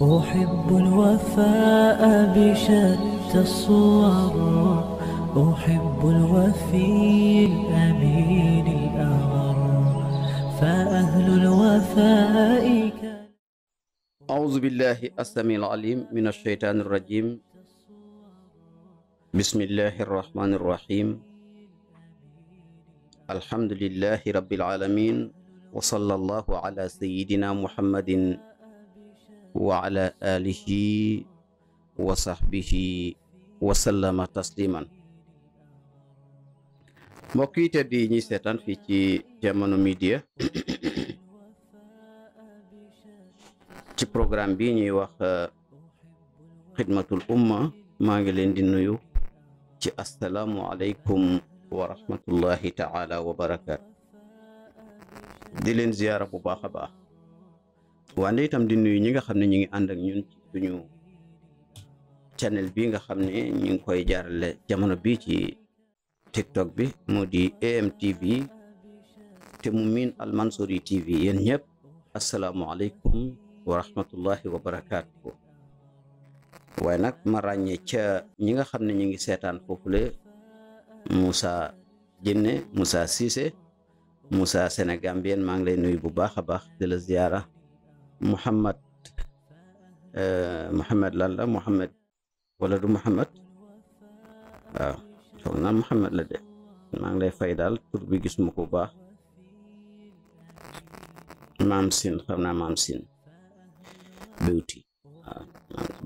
أحب الوفاء بشتى الصور أحب الوفي الأمين الأغر فأهل الوفاء أعوذ بالله السميع العليم من الشيطان الرجيم بسم الله الرحمن الرحيم الحمد لله رب العالمين وصلى الله على سيدنا محمد wa ala alihi wa sahbihi wa sallama tasliman mbokk yi tedd yi ñuy seetaan ci jamono media ci programme bi ñuy wax xidmatul euh, umma maa ngi leen di nuyu ci assalaamu aleykum wa rahmatullahi taala wa barakaatu di leen ziyaara bu baax a baax wande itam di nuyu ñi nga xam ne ak ñun ci suñu channel bi nga xamne ne ngi koy jaarale jamono bi ci tiktok bi modi di amtv te mu al almansori tv ñep assalamu alaykum wa rahmatullahi wa barakatuh way nak ma ragne ci ñi nga xam Musa ñu Musa seetaan foofule musa Jinne musa Cissé Moussa ngi lay nuyu bu baakha baax de la ziarah Muhammad eh, Muhammad lan la Muhammad wala du Muhammad waaw foog naa Muhammad la de maa ngi lay fay daal tur bi gis ma ko baax maam sin xam naa maam sin beauty waaw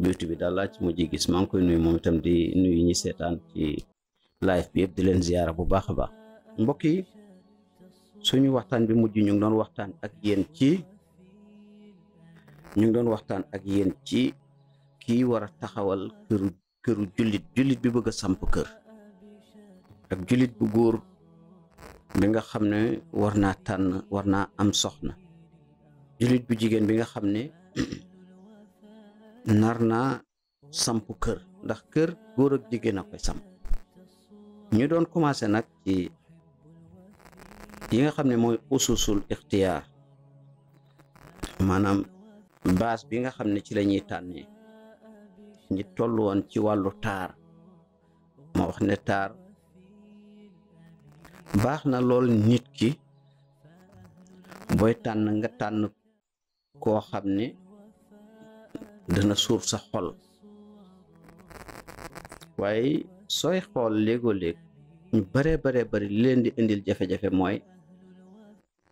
beauty bi daal laa ci mujj gis maa ngi koy nuyu moom itam di nuyu ñi seetaan ci live bi yëpp di leen ziyaara bu baax a baax mbokk yi suñu waxtaan bi mujj ñu ngi doon waxtaan ak yéen ci ñu ngi doon waxtaan ak yéen ci kii war a taxawal këru këru jullit jullit bi bëgg a samp kër ak jullit bu góor bi nga xam ne war naa tànn war naa am soxna jullit bu jigéen bi nga xam ne samp kër ndax kër góor ak jigéen a samp ñu doon commencé nag ci yi nga xam ne ususul ixtiyaar maanaam baas bi nga xam ne ci lañuy ñuy tànnee ñi toll woon ci wàllu taar moo wax ne taar baax na lool nit ki booy tànn nga tànn koo xam ne dana suur sa xol waaye sooy xool léegoo-léeg ñu bare bare bari leen di indil jafe-jafe mooy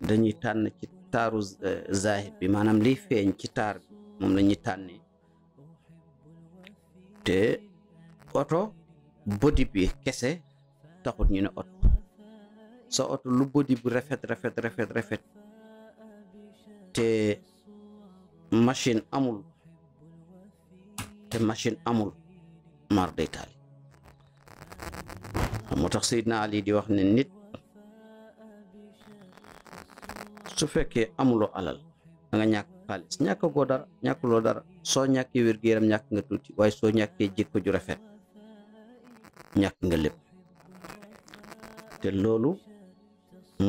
dañuy tànn ci taaru eh, zahir bi maanaam lii feeñ ci taar bi moom la ñuy tànnee te oto bodi bi kese taxut ñu ne oto sa oto lu bodi bu rafet rafet rafet rafet te machine amul te machine amul mar day taal moo tax Seydina wax ne nit su fekke amulo alal da nga ñak xaliss ñak goo so ñak lo nyak so ñak so yaram ñak nga tuti way so ñàkkee jikko ju rafet ñak nga lepp te lolu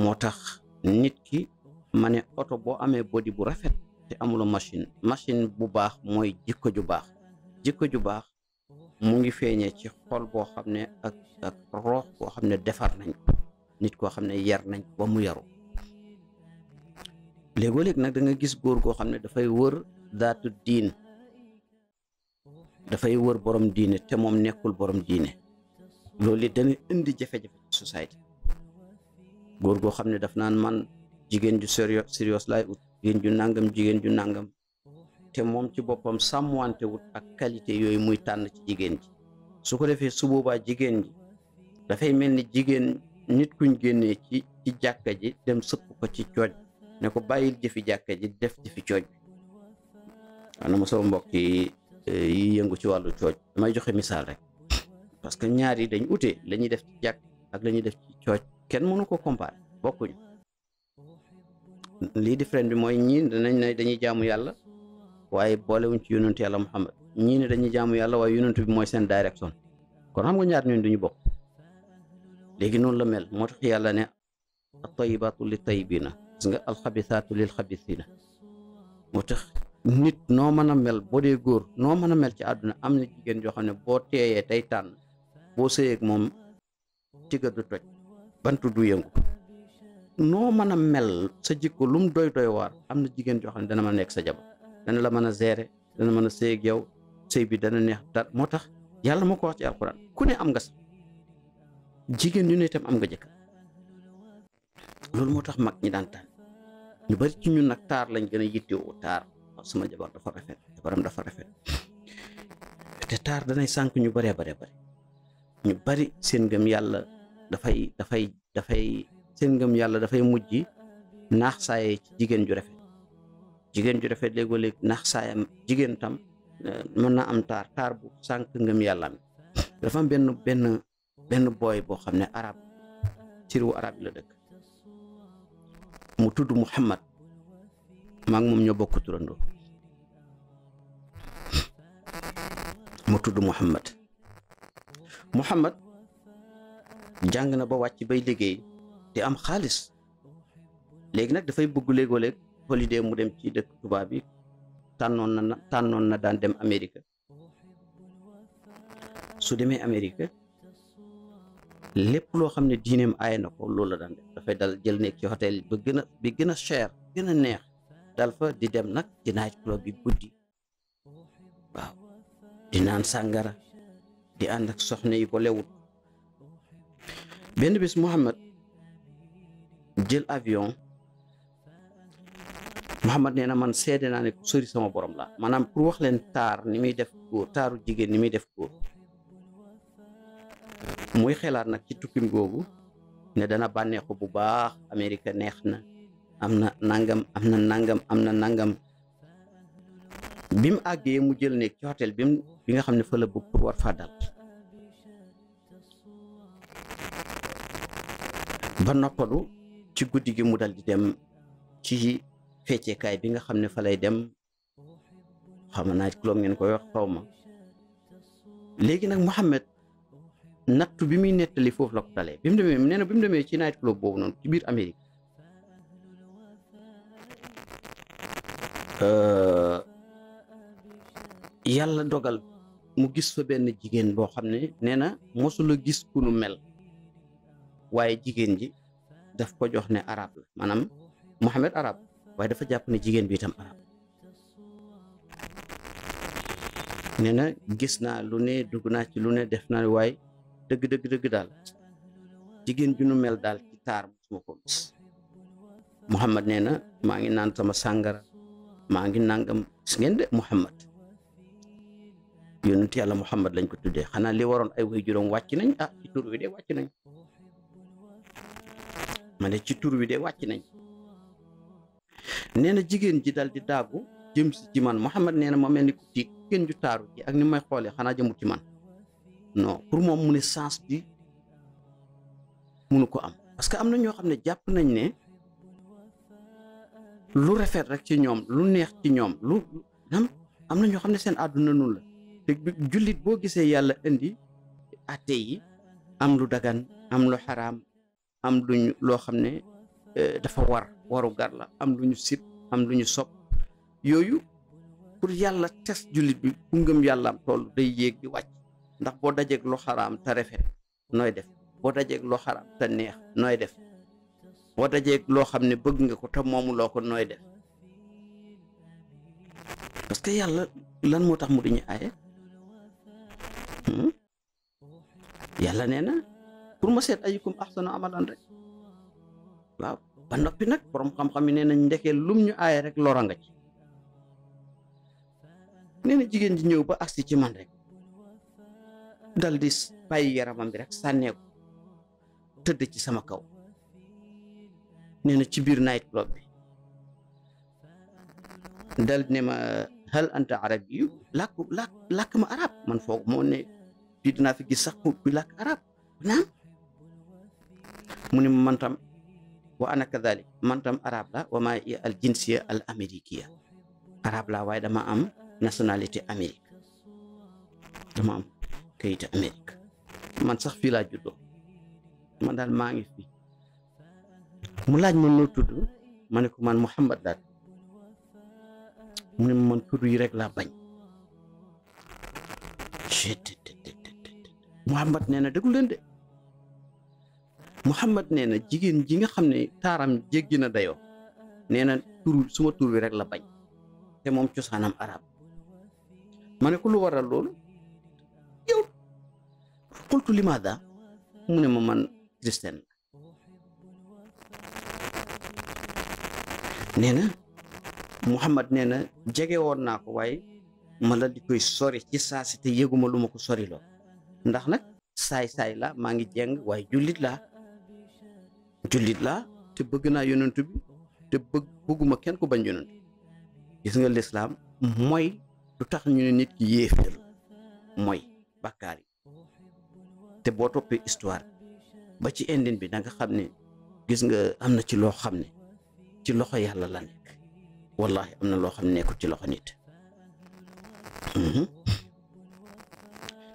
motax nit ki mané auto bo amé body bu rafet te amulo machine machine bu baax moy jikko ju baax jikko ju baax mu ngi feeñee ci xol bo xamné ak ak roox bo xamné ne defar nañ nit ko xamné yar nañ ba mu yaru léegoo léeg nag danga gis góor goo xam ne dafay wër daatu diin dafay wër borom diine te moom nekkul borom diine loolu it dana indi jafe-jafe ci góor goo xam ne daf naan man jigéen ju sérieux sérieux laay ut jigéen ju nangam jigéen ju nangam te moom ci boppam sàmm wante wut ak qualité yooyu muy tànn ci jigéen ji su ko defee su boobaa jigéen ji dafay mel ni jigéen nit kuñ génnee ci ci jàkka ji dem sëpp ko ci cooj ne ko bàyyil jëfi jàkka ji def jëfi cooj bi na ma mbokk eh, yi yëngu ci wàllu cooj damay joxe misaal parce que ñaar yi dañ ute la def ci ak la def ci cooj kenn mënu ko comparer bokkuñu lii différent bi mooy ñii danañ ne dañuy jaamu yàlla waaye boolewuñ ci yonent yàlla Muhammad ñii ne dañuy jaamu yàlla waaye yonent mooy seen direction kon xam nga ñaar ñooñu duñu bokk léegi noonu la mel moo tax yàlla ne at-tayyibatu lit-tayyibina gis nga alxabisaatu lil na moo tax mm-hmm. nit noo mën a mel boo dee góor noo mën a mel ci àdduna am na jigéen joo xam ne boo teeyee tey tànn boo sëyeeg moom tiga du toj bant du yëngu noo mën a mel sa jikko lum doy doy waar am na jigéen joo xam ne dana mën a nekk sa jabar dana la mën a gérer dana mën a sëyeeg yow sëy bi dana neex dara moo tax yàlla moo ko wax ci alxuraan ku ne am nga si jigéen ñu ne itam am nga jëkkër lool motax mag ñi daan tan ñu bari ci ñun nak tar lañu gëna yitté wu tar sama jabar dafa rafet jabaram dafa rafet tar da nay sank ñu bari bari bari ñu bari seen fay da fay da fay seen yalla da fay mujj nax saaye ci jigen ju rafet jigen ju rafet nax saayam jigen tam eh, mën na am tar tar bu sank ngëm yalla. dafa am benn benn benn boy boo arab ciru arab la dëkk mu tudd Muhammad maa ngi moom ñoo bokk turandoo mu tudd Muhammad Muhammad jàng na ba wàcc bay liggéey di am xaalis léegi nag dafay bëgg léegoo léeg holiday mu dem ci dëkk tubaab bi tànnoon na daan dem Amérique su demee Amérique lépp loo xam ne diineem aay na ko loolu la daan dafay dal jël nekk ci hôtel ba gën a bi gën a cher gën neex dal fa di dem nag di naaj club bi guddi waaw di naan sàngara di ànd ak soxna yi ko lewut benn bis Mouhamed jël avion Mouhamed nee na man seede naa ne ku sori sama borom la maanaam pour wax leen taar ni muy def góor taaru jigéen ni muy def góor muy xelaat nag ci tukkim googu ne dana bànneexu bu baax amerika neex na am na nangam am na nangam am na nangam bi mu àggee mu jël néeg ci hôtel bi mu bi nga xam ne fa la bëgg pour war faa dal ba noppalu ci guddi gi mu dal di dem ci fecceekaay bi nga xam ne fa lay dem xam naa ci ngeen koy wax xaw ma léegi nag Muhammad nattu bi muy nettali foofu la bi mu demee nee na bi mu demee ci night club boobu noonu ci biir euh, yàlla dogal mu gis fa benn jigéen boo xam ne nee na mosula gis ku nu mel waaye jigéen ji daf ko jox ne arab la maanaam Mohamed arab waaye dafa jàpp ne jigéen bi itam arab nee na gis naa lu ne dugg naa ci lu ne def naa waaye deug deug deug dal jigen ju nu mel dal ci tar ko na ngi nan sama Sanggar mangin ngi nangam gis Muhammad de muhammad Muhammad yàlla Mouhamad lañ ko tuddé xana li waron ay way jurom wacc nañ ah ci tour wi de wacc nañ mané ci tour wi de wacc nañ neena na ji dal di dagu jëm ci man muhammad neena mo melni ku tiig ken ju taru ak ni may xolé xana ci man. non pour moom mu ne sens bi mënu ko am parce que am na ñoo xam ne jàpp nañ ne lu rafet rek ci ñoom lu neex ci ñoom lu am am na ñoo xam ne seen àdduna nun la te jullit boo gisee yàlla indi atte yi am lu dagan am lu xaraam am luñu loo xam ne euh, dafa war waru la am lu ñu sib am lu ñu sopp yooyu pour yàlla tes jullit bi bu ngëm yàllaam toll day yéeg di wàcc ndax boo dajeeg lu xaraam te rafet nooy def boo dajeeg loo xaraam neex nooy def boo dajeeg loo xam ne bëgg nga ko te moomu loo ko nooy def parce que yàlla lan moo tax mu duñu aaye hmm? yàlla nee na pour ma seet ayukum ahsanu amalan rek waaw ba noppi nag borom xam-xam yi nee nañ ndekee lum ñu aaye rek lora nga ci nee na jigéen ji ñëw ba agsi ci man rek dal di bàyyi yaramam bi rek ci sama kaw nee ci biir night club bi dal ne ma hal anta arab yi làkk ma arab man foog moo ne fi gis sax ku làkk arab mu ne man wa ana kadalik man arab la wa maa iya al jinsiya al amérikiya arab la waaye dama am nationalité amérique te Amerika, man sax fi la juddoo man dal ma ngi fi mu laaj ma no tuddu ma ko man muhammad dal mu ne man tuddu yi rek la bañ Mouhamad neena degul len de Mouhamad neena jigen ji nga taram jeegina dayo neena turu suma turu rek la bañ te mom ciosanam arab ma lu waral lolou qultu limaada mu ne ma man christian nee na Muhammad nee jege woon naa ko waaye ma la di koy sori ci saasi te yëguma lu ma ko sori loo ndax nag saay-saay la maa ngi jeng waaye jullit laa jullit laa te bëgg naa yonentu bi te bëgg bëgguma kenn ku bañ yonentu gis nga lislaam mhm. mooy du tax ñu ne nit ki yéeféer mooy bàkkaar yi te boo toppee histoire ba ci indine bi da xam ne gis nga am na ci loo xam ne ci loxo yàlla la nekk wallahi am na loo xam nekku ci loxo nit mhm.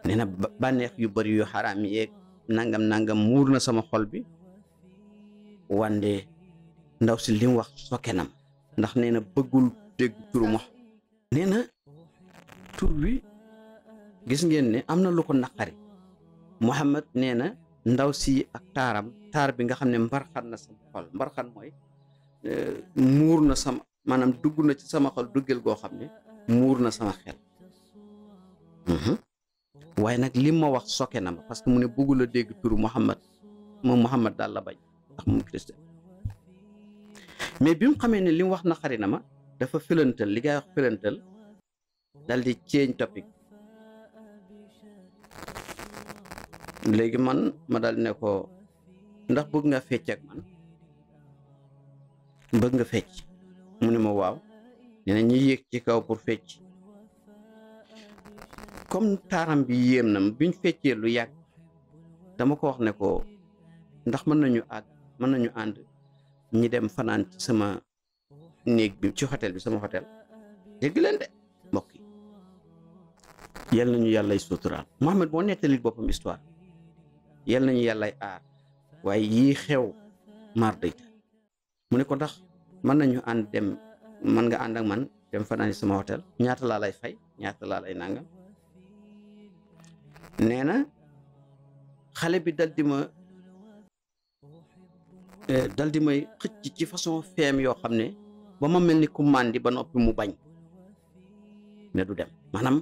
nee na bànneex yu bari yu xaraam yeeg nangam nangam muur na sama xol bi wande ndaw si li wax wax nam ndax nee na bëggul dégg turu wax nee na tur wi gis ngeen ne am na lu ko Muhammad nee na ndaw si ak taaram taar bi nga xam ne mbarxan na sama xol mbarxan mooy eh, muur na sama maanaam dugg na ci sama xol duggeel goo xam ne muur na sama xel mhm. waaye nag lim ma wax soke na ma parce que mu ne bëggul a dégg turu Muhammad moom Muhammad daal la bañ ndax moom christian mais bi mu xamee ne li wax na xari na ma dafa fëlantal li ngay wax fëlantal dal di ceeñ topic léegi man ma daal ne ko ndax bëgg nga fecc ak man bëgg nga fecc mu ne ma waaw dina ñuy yéeg ci kaw pour fecc comme taaram bi yéem na biñ feccee lu yàgg dama ko wax ne ko ndax mën nañu ànd mën nañu ànd ñi dem fanaan sama néeg bi ci hôtel bi sama hôtel dégg leen de mbokk yi yal nañu yàlla suturaal Mohamed moo nettali boppam histoire yal nañu yàllay aar waaye yii xew mar mu ne ko ndax mën nañu ànd dem mën nga ànd ak man dem fanaani sama hôtel ñaata laa lay fay ñaata laa lay nangam nee na xale bi dal di ma eh, dal di may xëcc ci façon fem yoo xam ne ba ma mel ni ku màndi ba noppi mu bañ ne du dem maanaam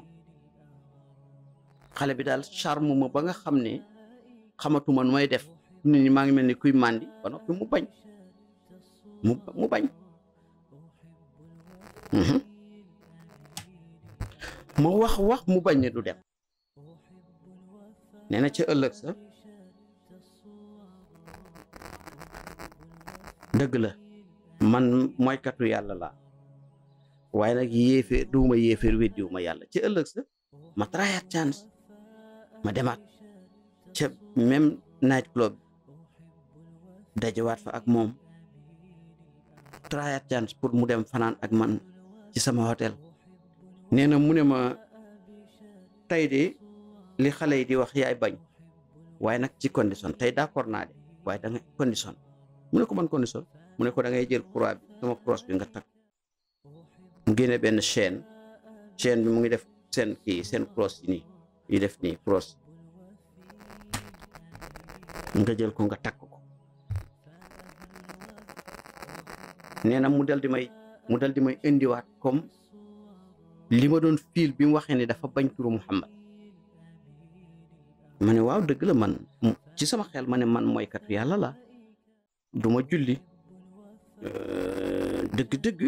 xale bi daal charme ma ba nga xam ne xamatu man may def ni ñi maa ngi kuy mandi ba nopi mu bañ mu mu bañ mo wax wax mu bañ ni du dem neena ci ca sa deug la man katu yalla la waaye nak yéeféer duuma yéeféer weddiwuma yalla ci ëllëg sa ma traya chance ma demat ca même night club dajewaat fa ak moom trayat chance pour mu dem fanaan ak man ci sama hôtel nee na mu ne ma tey de li xale yi di wax yaay bañ waaye nag ci condition tey d'accord naa de waaye da nga condition mu ne ko man condition mu ne ko da ngay jël croix bi sama croix bi nga takk mu génne benn chaine chaîne bi mu ngi def seen kii seen cross yi nii yi def nii cross nga jël ko nga takk ko nee na mu dal di may mu dal di may indiwaat comme li ma doon fiil bi mu waxee ne dafa bañ turu Muhammad ma ne waaw dëgg la man ci sama xel ma ne man mooykatu yàlla la du ma julli euh, dëgg-dëgg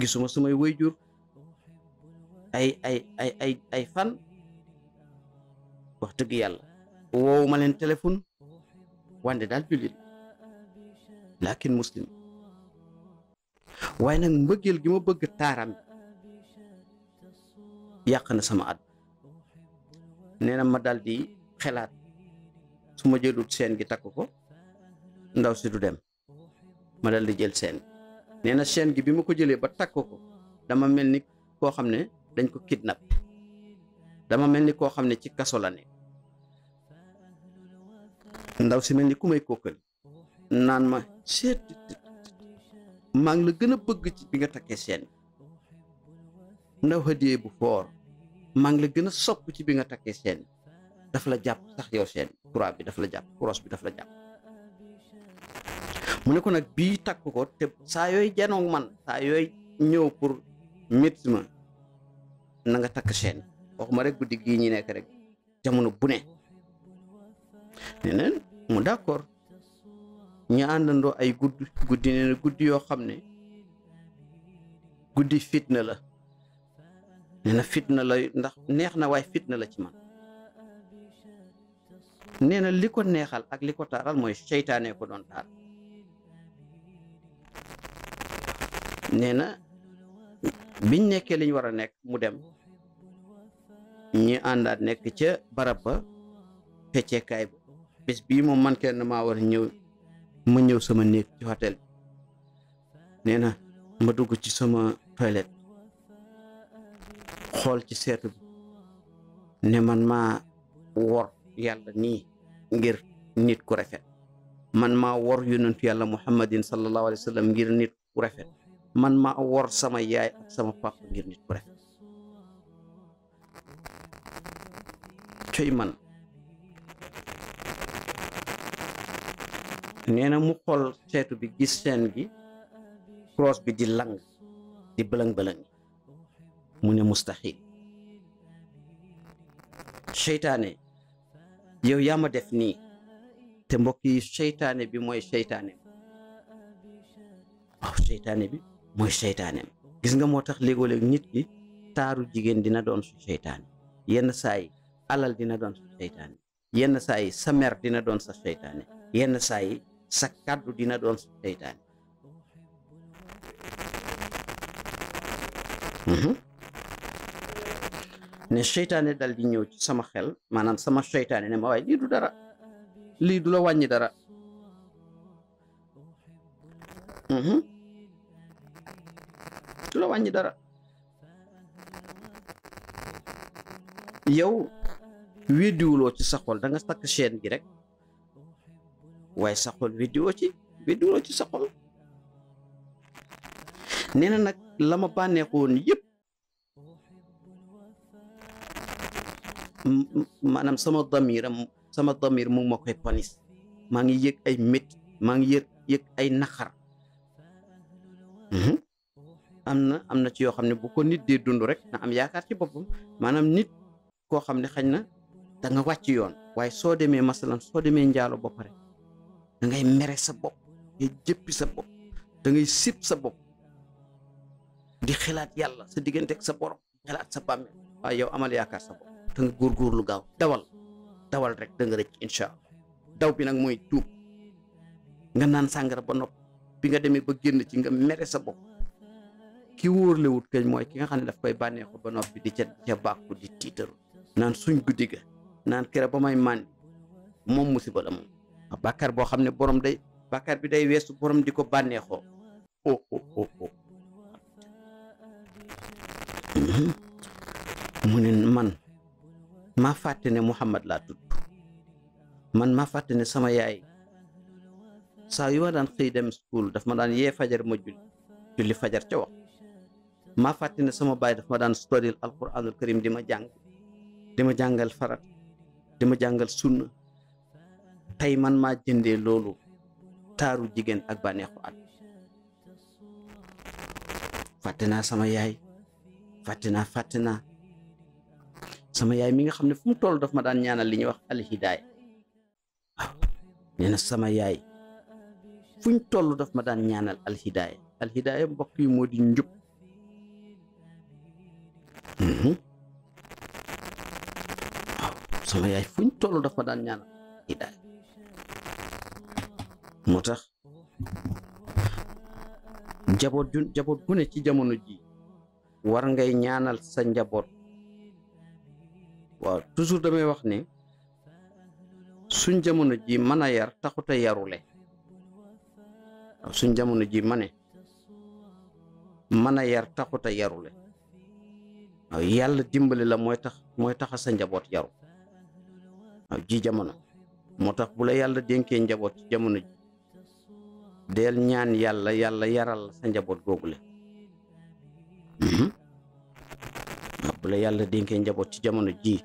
gisuma sumay wayjur ay ay ay ay ay fan wax dëgg yàlla woowu ma leen téléphone wande daal jullit laakin muslim waaye nag mbëggeel gi ma bëgg taaram yàq na sama at nee na ma daal di xelaat su ma jëlut seen gi takk ko ndaw si du dem ma dal di jël seen nee na seen gi bi ma ko jëlee ba takk ko dama mel ni koo xam ne dañ ko nag dama mel ni koo xam ne ci kaso la ndaw si melni kumay ku nan kookali naan ma seet maa ngi la gëna bëgg ci bi nga takké sen ndaw hadiye bu for maa ngi la gëna sopp ci bi nga takké sen daf la japp sax yow sen croix bi daf la japp cross bi daf la japp mu ne ko nak bi tak ko te saa yooy janoog man sa yoy ñew pour métti na nga tak sen waxuma rek guddi gii ñu rek jamono bu ne ne neen mu d'accord ñu àndandoo ay guddi guddi nee guddi yoo xam ne guddi fitna la nee fitna la ndax neex na waaye fitna la ci man nee na li ko neexal ak li ko taaral mooy seytaane ko doon taal nee na biñ nekkee liñ war a nekk mu dem ñu àndaat nekk ca barab ba fecceekaay bis bii moom man kenn maa war a ñëw ma ñëw sama néeg ci hôtel bi nee na ma dugg ci sama toilette xool ci seetu bi ne man maa wor yàlla nii ngir nit ku rafet man maa wor yonentu yàlla muhammadin sallallahu alayhi wa sallam ngir nit ku rafet man maa wor sama yaay sama papa ngir nit ku coy man neena mu xol setu bi gis sen gi cross bi di lang di belang bëlëng mu ne mustahil seytaane yow ya ma def ni te mbokk yi seytaane bi moy seytaanem waaw seytaane bi moy seytaanem gis nga motax tax léegoo nit ki taru jigen dina don su seytaane yenn say alal dina don su seytaane yenn say sa mer dina don sa seytaane yenn say sekat di dina dalam ini Ne setan sama hel, mana sama setan ini mau aja itu darah, li dulu wanya darah. Mhm, dulu wanya darah. Yo, video lo cuci sekolah dengan stok kesian direct waaye sa video ci video ci sa xol nak lama nag yep manam sama damiram sama damir mu ma koy panis mangi yek ay mit, mangi yek yek ay nakhar mhm. Amna amna nah, ci yo xamne bu ko nit de dund rek na am yaakar ci bopum Manam nit ko xamne ne na da nga wacc yoon waye so deme masalan so deme ndialo ba pare da ngay mere sa bop ngay jëppi sa bop da ngay sip sa bop di xalaat yalla sa diggante ak sa borom xalaat sa bàmmeel wa yow amal yaakaar sa bop da nga lu gaaw dawal dawal rek da nga rek incha allah daw bi nak moy tuup nga nan sangara ba nopp bi nga demee ba génn ci nga mere sa bop ki wut kay moy ki nga xam daf koy ko ba noppi di ci ci bàkku di tiitaru nan suñ guddiga nan naan ba may man mom musiba la mom bàkkaar boo xam ne borom day bàkkaar bi day weesu borom di ko bànneexoo oh oh oh, oh. mu ne man maa fàtte ne Muhammad laa tudd man maa fàtte ne sama yaay saa yu ma daan xëy school daf ma daan yee fajar ma julli julli fajar ca maa fàtte ne sama baay daf ma daan storil alquranul karim di ma jàng di ma jàngal farat di ma jàngal sunna tey man maa jënde loolu taaru jigéen ak bànneexu at fàtte naa sama yaay fàtte naa fàtte naa sama yaay mi nga xam ne fu mu toll daf ma daan ñaanal li ñuy wax alhidaaya waaw nee sama yaay fu ñu toll daf ma daan ñaanal alhidaaya alhidaaya mbokk yi moo di njub mhm. sama yaay fu tollu dafa daf ma daan ñaanal alhidaaya moo tax jaboot ju njaboot ne ci jamono ji war ngay ñaanal sa njaboot waaw toujours damay wax ne suñ jamono ji mën a yar taxut a yarule suñ jamono ji ma mën a yar taxut a yarule waaw yàlla dimbali la mooy tax mooy taxa sa njaboot yaru ji jamono moo tax bu la yàlla dénkee njaboot ci jamono ji del ñaan yàlla yàlla yaral sa njaboot googu la mm-hmm. ah, bu la yàlla dénkee njaboot ci jamono jii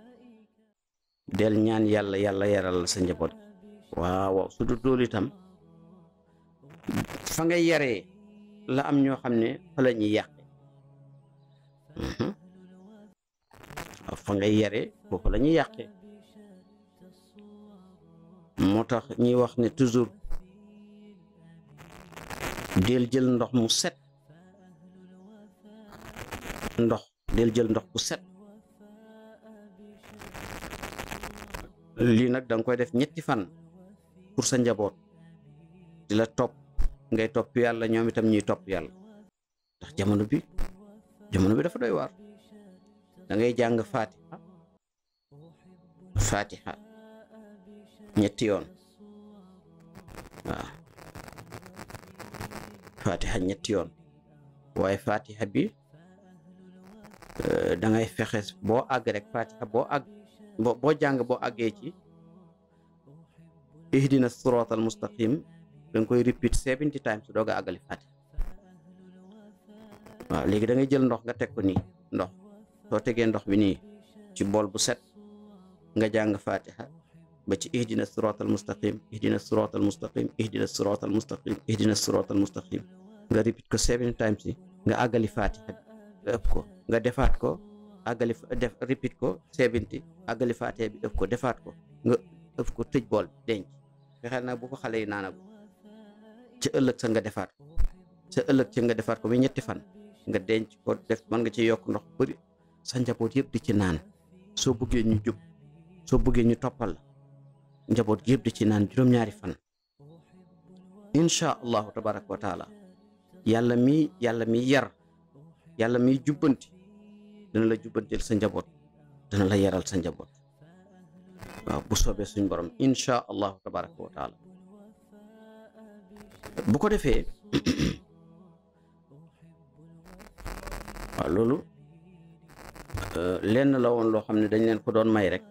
del ñaan yàlla yàlla yaral sa njaboot waaw waaw su du dool itam fa nga yaree la am ñoo xam ne fa la ñuy yàqe mm-hmm. ah, fa nga yare foofu la ñuy moo tax ñuy wax ne del jël ndox mu set ndox del jël ndox bu set li nak dang koy def ñetti fan pour sa njabot dila top ngay top yalla ñom itam ñuy top yalla ndax jamono bi jamono bi dafa doy war da ngay jang fatiha fatiha ñetti yoon fatiha ñetti yoon Fati fatiha bi eh, da ngay fexe bo ag rek fatiha boo bo bo jang bo àggee ci ihdina siraatal mustaqim dang koy repeat seventy times do ga a Fati, fatiha waaw léegi da ngay jël ndox nga tek ko ni ndox so tege ndox bi ni ci bol bu set nga jàng fatiha ba ci ihdina siraatal mustaqim ihdina siraatal mustaqim ihdina siraatal mustaqim ihdina siraatal mustaqim nga repeat ko seven times yi nga àggali faatiha ëpp ko nga defaat ko àggali def repeat ko seventy àggali faatiha bi ëpp ko defaat ko nga ëpp ko tëj bool denc fexeel nag bu ko xale yi naana bu ca ëllëg sa nga defaat ko sa ëllëg ca nga defaat ko bi ñetti fan nga denc ko def mën nga ci yokk ndox bëri sa njaboot yëpp di ci naan soo bëggee ñu jub soo buggee ñu toppal la njaboot yëpp di ci naan juróom-ñaari fan inchaa allahu tabaraka wa taala yàlla mi yàlla mi yar yàlla mi jubbanti dana la jubbanteel sa njaboot dana la yaral sa njaboot waaw bu soobee suñ borom inchaa allahu tabaraka wa taala bu ko defee waaw loolu euh, lenn la woon loo xam ne dañ leen ko doon may rek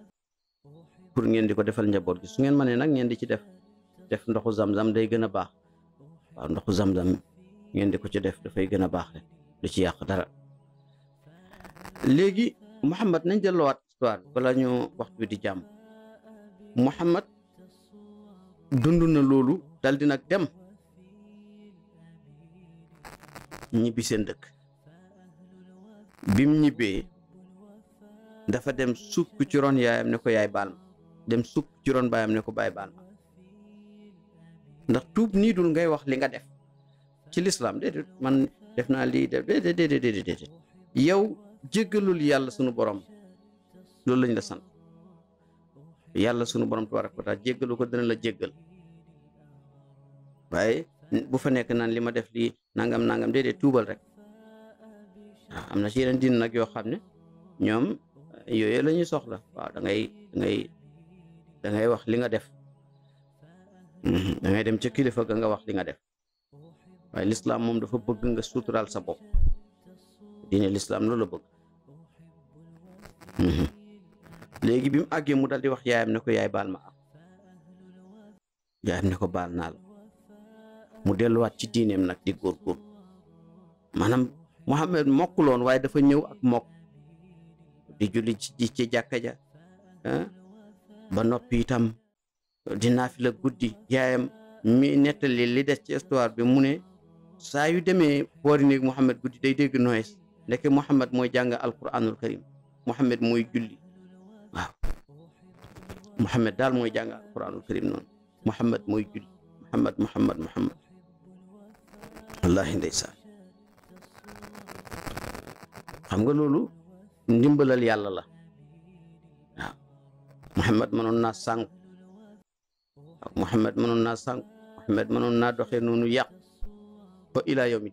pour ngeen di ko defal njaboot gi su ngeen mënee nag ngeen di ci def def ndoxu zam-zam day gën a baax waaw ndoxu zam-zam ngeen di ko ci def dafay gën a baax rek du ci yàq dara léegi Muhammad nañ delluwaat histoire bala ñoo waxtu bi di jàmm Muhammad dund na loolu dal nag dem ñibbi seen dëkk bim ñibbee dafa dem sukk ci ron yaayam ne ko yaay baal ma dem suk ci ron bayam ne ko bay baal ndax tup ni dul ngay wax li nga def ci lislaam deh, man def naa deh def deh deh deh deh, yow jéggalul yalla sunu borom lolou lañ la sant yalla sunu borom tabaraka wa taala jéggalu ko dana la jéggal waaye bu fa nek nan li def li nangam nangam de tubal rek ah, am ci yeneen din nak yo xamne ñom yoyé yooyu soxla wa da ngay ngay da ngay wax li nga def da ngay dem ci kilifa ga nga wax li nga def waaye l'islam mom dafa bëgg nga sutural sa bop dina l'islam loolu la bëgg legi bimu agge mu dal di wax yaayam ne ko yaay yaayam ne ko ci dinem nak di gor manam Muhammad mokulon waaye dafa ñew ak mok di julli ci ci jakka ja ba noppi itam dinaa fi la guddi yaayam mi nettali li des ci histoire bi mu ne saa yu demee boori néeg Mouhamed guddi day dégg noyes ndeke Mouhamed mooy jàng alquranul karim Mouhamed mooy julli waaw Mouhamed daal mooy jàng alquranul karim noonu mooy julli Mouhamed Mouhamed nga loolu ndimbalal yàlla la Mouhamed mënoon na sànq Mouhamed mënoon na sànq Mouhamed mënoon naa doxee noonu yàqu ba ilaa yawmi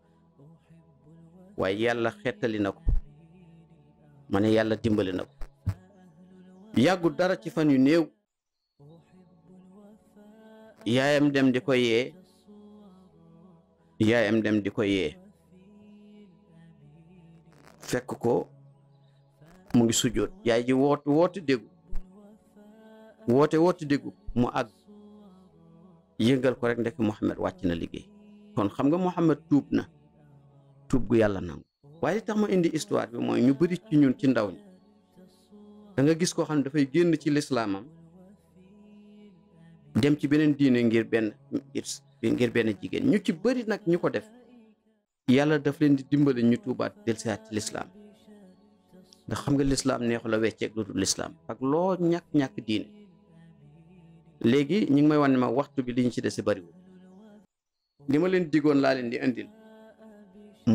waaye yàlla xetali na ko mane yàlla dimbali na ko yàggu dara ci fan yu néew yaayam dem di ko yee yaayam dem di ko yee fekk ko mu ngi sujjoot yaay ji woot woote woote woote déggu mu àgg yëngal ko rek ndekk Mouhamed wàcc na liggéey kon xam nga Mouhamed tuub na tuub gu yàlla nangu waaye li tax ma indi histoire bi mooy ñu bëri ci ñun ci ndaw ñi danga gis koo xam ne dafay génn ci lislaamam dem ci beneen diine ngir benn ngir benn jigéen ñu ci bari nag ñu ko def yàlla daf leen di dimbale ñu tuubaat delsiwaat ci lislaam ndax xam nga lislaam neexul la wecceeg lu dul lislaam ak loo ñàkk-ñàkk diine legi ñi ngi may wan ma waxtu bi liñ ci ci bari wu ma leen digoon la leen di andil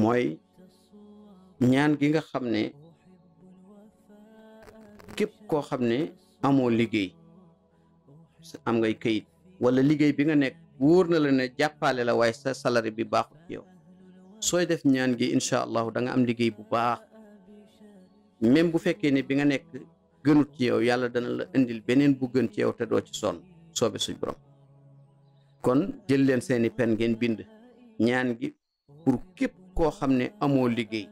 moy ñaan gi nga xamné ne ko xamné amo ne liggéey am ngay kayit wala liggéey bi nga nek woor na la ne jappalé la way sa salari bi baaxul ci yow soy def ñaan gi inshallah da nga am liggéey bu baax même bu fekké ne bi nga nek gënut ci yow yalla dana la andil benen bu gën ci yow te do ci sonn soobe suñ borom kon jël leen seeni pen ngeen bind ñaan gi pour képp koo xam ne amoo liggéey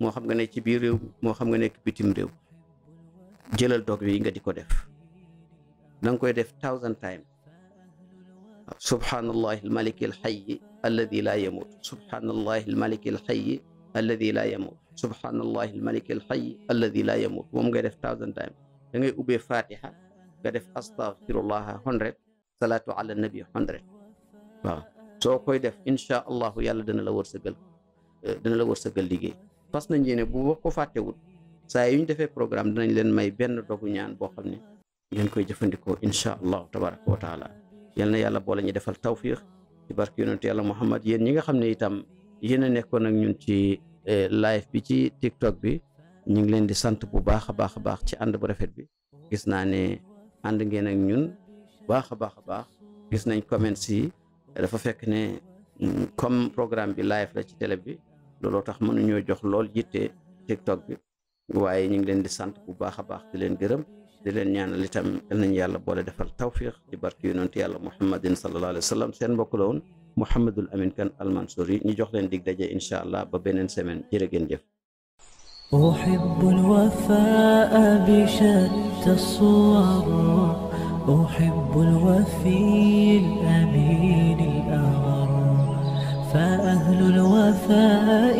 moo xam nga ne ci biir réew moo xam nga nekk bitim réew jëlal dog yi nga di ko def da koy def thousand time subhanallahi almaliki alxayi alladi laa yamut subhanallahi almaliki alxayi alladi laa yamut subhanallahi almaliki alxayi alladi laa yamut moom ngay def thousand time da ngay ubbee fatiha بدف استغفر الله 100 صلاه على النبي 100 وا آه. سو كوي ديف ان شاء الله يالا دنا لا ورسغل دنا لا ورسغل ليغي فاس نانجي ني بو وخو فاتي ووت ساي يون ديفي بروغرام دنا نلن ماي بن دوغو نيان بو خامني نين كوي جيفانديكو ان شاء الله تبارك وتعالى يالنا يالا بولا ني ديفال توفيق تبارك يونت يالا محمد يين نيغا خامني ايتام يينا نيكون اك نون تي لايف آه، بي تي تيك توك بي نين لين دي سانت بو باخ باخ باخ تي اند بو رافيت بي غيسنا ني and ngeen ak ñun baax a baax a baax gis nañ comments yi dafa fekk ne mm, comme programme bi live la ci télé bi looloo tax mënuñoo jox lool yitte TikTok bi waaye ñu ngi leen di sant bu baax a baax di leen gërëm di leen ñaanal itam yal nañu yàlla boole defal tawfiq ci barke yonent yàlla muhammadin sallallahu alayhi wa sallam seen mbokk la woon Mouhamadul Amin Kane Al yi ñu jox leen dig daje incha allah ba beneen semaine jërë geen jëf أحب الوفاء بشتى الصور أحب الوفي الأمين الأغر فأهل الوفاء